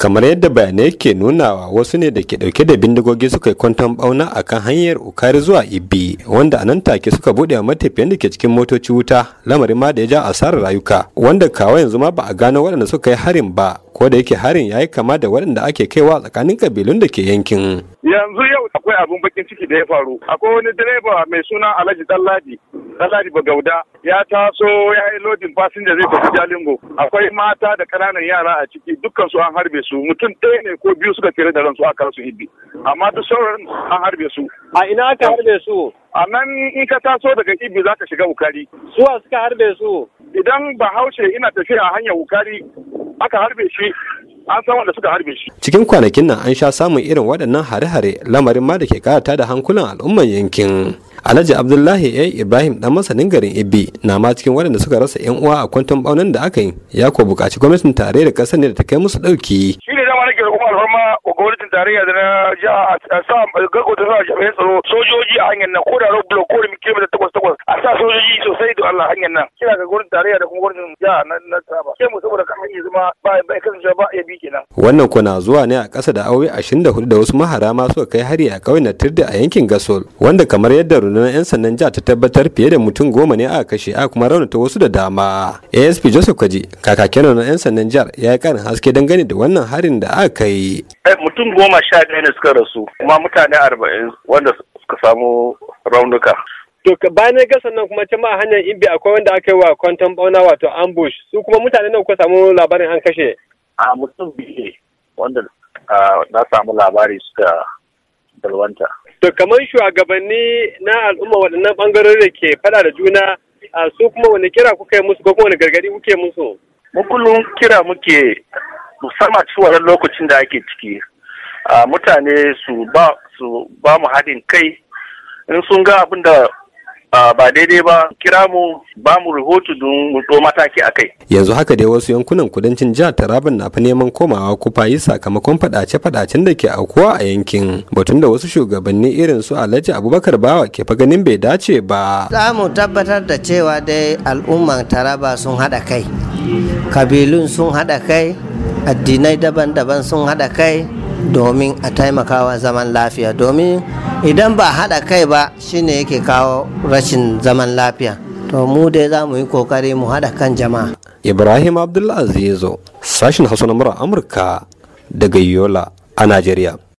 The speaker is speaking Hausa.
kamar yadda bayanai ke nunawa wasu ne da ke dauke da bindigogi suka yi kwanton bauna a kan hanyar ukari zuwa ibi wanda a nan take suka bude wa matafiyan da ke cikin motoci wuta lamarin ma da ya ja asarar rayuka wanda kawo yanzu ma ba a gano waɗanda suka yi harin ba ko da yake harin ya yi kama da waɗanda ake kaiwa tsakanin kabilun da ke yankin yanzu yau akwai abun bakin ciki da ya faru akwai wani direba mai suna alhaji dallaji Salari Bagauda ya taso ya yi lodin fasinja zai tafi Jalingo. Akwai mata da kananan yara a ciki dukkan su an harbe su mutum ɗaya ne ko biyu suka tere da ransu aka su hibbi. Amma duk sauran an harbe su. A ina aka harbe su? A nan in ka taso daga ibi za ka shiga Wukari. Suwa suka harbe su? Idan Bahaushe ina tafiya a hanyar Wukari aka harbe shi an san wanda suka harbe shi cikin kwanakin nan an sha samun irin waɗannan hare-hare lamarin ma da ke karata da hankulan al'ummar yankin Alhaji Abdullahi A. Ibrahim ɗan masanin garin ibi na ma cikin waɗanda suka rasa 'yan uwa a kwanton baunan da aka yi ya ko buƙaci gwamnatin tare da ƙasar ne da ta kai musu ɗauki. nake Umar Farma a gwamnatin tarayya da na jiha a sa ta sa jami'an tsaro sojoji a hanyar nan ko da road block ko da kilomita takwas takwas a sa sojoji sosai da Allah hanyar nan kira ga gwamnatin tarayya da kuma gwamnatin jiha na Taraba sai mu saboda kan hanyar zama ba ba kasance ba ya bi kenan wannan ko na zuwa ne a ƙasa da aure ashirin da da hudu wasu mahara ma suka kai hari a ƙauyen Tirda a yankin Gasol wanda kamar yadda rundunar 'yan sandan jiha ta tabbatar fiye da mutum goma ne aka kashe aka kuma raunata wasu da dama ASP Joseph Kaji kakakin rundunar 'yan sandan jihar ya yi ƙarin haske dangane da wannan harin da aka yi. Eh, mutum goma sha ɗaya ne suka rasu kuma mutane arba'in wanda suka samu raunuka. To bayan na gasa nan kuma can ma hanyar Imbi akwai wanda aka yi wa kwanton bauna wato ambush su kuma mutane nan kuka samu labarin an kashe. A mutum biye wanda na samu labari suka dalwanta. To kamar shugabanni na al'umma waɗannan ɓangarori da ke faɗa da juna su kuma wani kira kuka yi musu ko kuma wani gargaɗi kuke musu? Mu kullum kira muke musamman cikin wannan lokacin da ake ciki mutane su ba su ba mu haɗin kai in sun ga abin da ba daidai ba kira mu ba mu rahoto don mu ɗo mataki a kai. Yanzu haka dai wasu yankunan kudancin jihar Taraban na fa neman komawa kufayi sakamakon faɗace-faɗacen da ke aukuwa a yankin batun da wasu shugabanni irin su Alhaji Abubakar Bawa ke fa ganin bai dace ba. Za mu tabbatar da cewa dai al'umman Taraba sun haɗa kai. kabilun sun haɗa kai addinai daban-daban sun haɗa kai domin a taimakawa zaman lafiya domin idan ba haɗa kai ba shine yake kawo rashin zaman lafiya to mu dai za mu yi kokari mu haɗa kan jama'a ibrahim Abdullahi azizo sashin hausa na amurka daga yola a najeriya